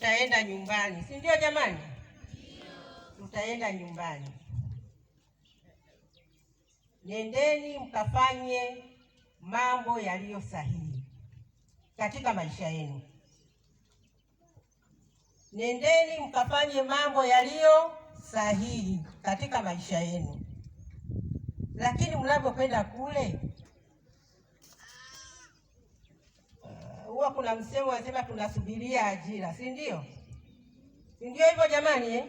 tutaenda nyumbani, si ndio jamani? Tutaenda nyumbani. Nendeni mkafanye mambo yaliyo sahihi katika maisha yenu. Nendeni mkafanye mambo yaliyo sahihi katika maisha yenu, lakini mnapokwenda kule kuna msemo wasema tunasubiria ajira, si ndio? Si ndio hivyo jamani eh?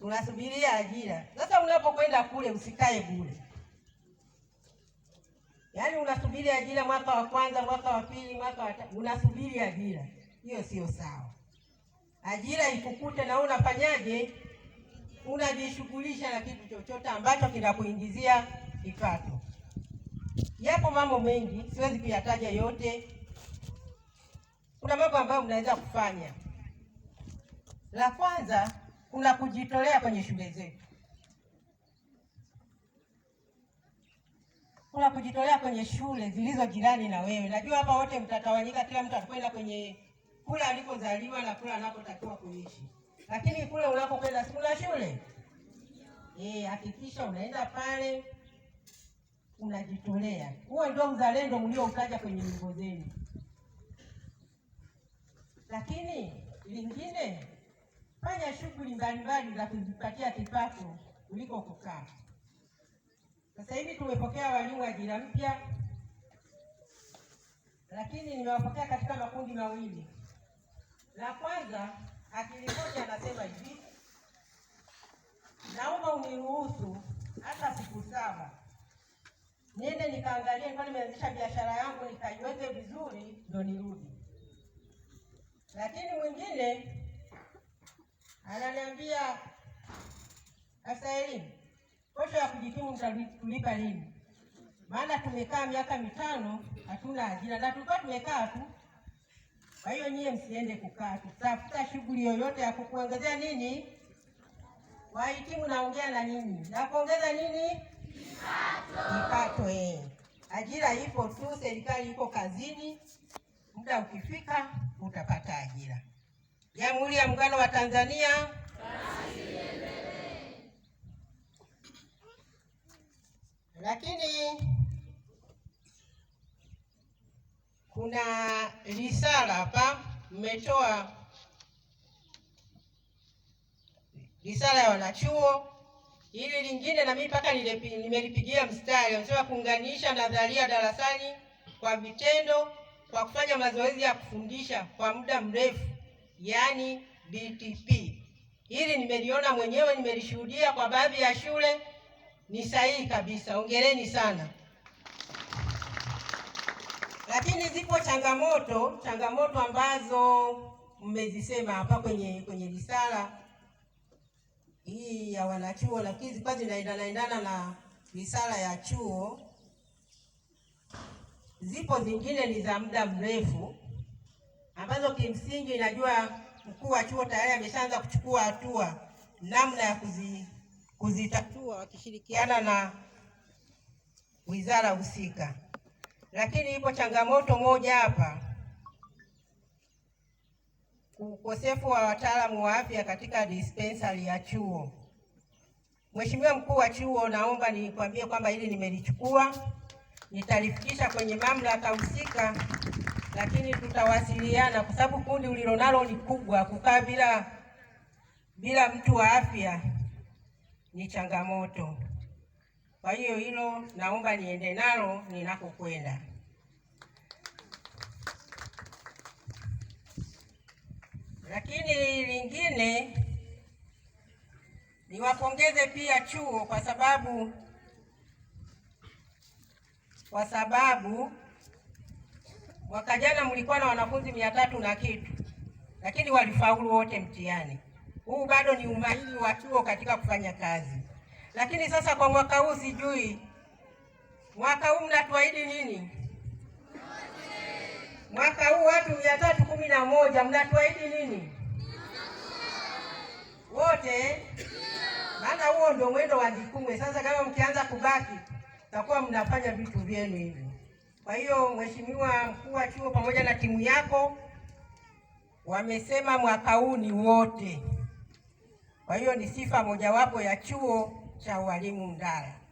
Tunasubiria ajira. Sasa unapokwenda kule usikae bure, yaani unasubiri ajira mwaka wa kwanza, mwaka wa pili, mwaka wa tatu, unasubiri ajira. Hiyo sio sawa. Ajira ikukute na unafanyaje? Unajishughulisha na kitu chochote ambacho kinakuingizia kipato. Yapo mambo mengi, siwezi kuyataja yote kuna mambo ambayo mnaweza kufanya. La kwanza, kuna kujitolea kwenye shule zetu, kuna kujitolea kwenye shule zilizo jirani na wewe. Najua hapa wote mtatawanyika, kila mtu atakwenda kwenye kule alikozaliwa na kule anapotakiwa kuishi, lakini kule unapokwenda si kuna shule eh, Hakikisha unaenda pale unajitolea. Huo ndio mzalendo mlioutaja kwenye nyimbo zenu. Lakini lingine, fanya shughuli mbalimbali za kujipatia kipato kuliko kukaa. Sasa hivi tumepokea walimu wa ajira mpya, lakini nimewapokea katika makundi mawili. La kwanza, akili moja anasema hivi, naomba uniruhusu hata siku saba niende nikaangalie, nilikuwa nimeanzisha biashara yangu nikaiweze vizuri, ndo nirudi. Lakini mwingine ananiambia sasa, elimu posho ya kujikimu tulipa lini? Maana tumekaa miaka mitano hatuna ajira, na tulikuwa tumekaa tu. Kwa hiyo nyie msiende kukaa, tutafuta shughuli yoyote ya kukuongezea nini. Wahitimu, naongea na nyinyi, nakuongeza nini kipato, eh. Ajira ipo tu, serikali iko kazini muda ukifika utapata ajira. Jamhuri ya Muungano wa Tanzania. Lakini kuna risala hapa mmetoa risala ya wanachuo hili lingine na mimi mpaka nimelipigia mstari, wanasema kuunganisha nadharia darasani kwa vitendo kwa kufanya mazoezi ya kufundisha kwa muda mrefu, yaani BTP. Hili nimeliona mwenyewe, nimelishuhudia kwa baadhi ya shule. Ni sahihi kabisa, ongereni sana. Lakini zipo changamoto, changamoto ambazo mmezisema hapa kwenye kwenye risala hii ya wanachuo, lakini zilikuwa zinaendanaendana na risala ya chuo Zipo zingine ni za muda mrefu ambazo kimsingi najua mkuu wa chuo tayari ameshaanza kuchukua hatua namna ya kuzi, kuzitatua wakishirikiana na wizara husika, lakini ipo changamoto moja hapa, ukosefu wa wataalamu wa afya katika dispensari ya chuo. Mheshimiwa mkuu wa chuo, naomba nikwambie kwamba hili nimelichukua nitalifikisha kwenye mamlaka husika, lakini tutawasiliana kwa sababu kundi ulilonalo ni kubwa. Kukaa bila bila mtu wa afya ni changamoto. Kwa hiyo hilo naomba niende nalo ninakokwenda. Lakini lingine niwapongeze pia chuo kwa sababu kwa sababu mwaka jana mlikuwa na wanafunzi mia tatu na kitu, lakini walifaulu wote mtihani huu. Bado ni umahiri wa chuo katika kufanya kazi, lakini sasa kwa mwaka huu sijui mwaka huu mnatuahidi nini? Mwaka huu watu mia tatu kumi na moja mnatuahidi nini? Wote? Maana huo ndio mwendo wa Mikungwe. Sasa kama mkianza kubaki mtakuwa mnafanya vitu vyenu hivi. Kwa hiyo mheshimiwa mkuu wa chuo pamoja na timu yako wamesema mwaka huu ni wote. Kwa hiyo ni sifa mojawapo ya chuo cha ualimu Ndala.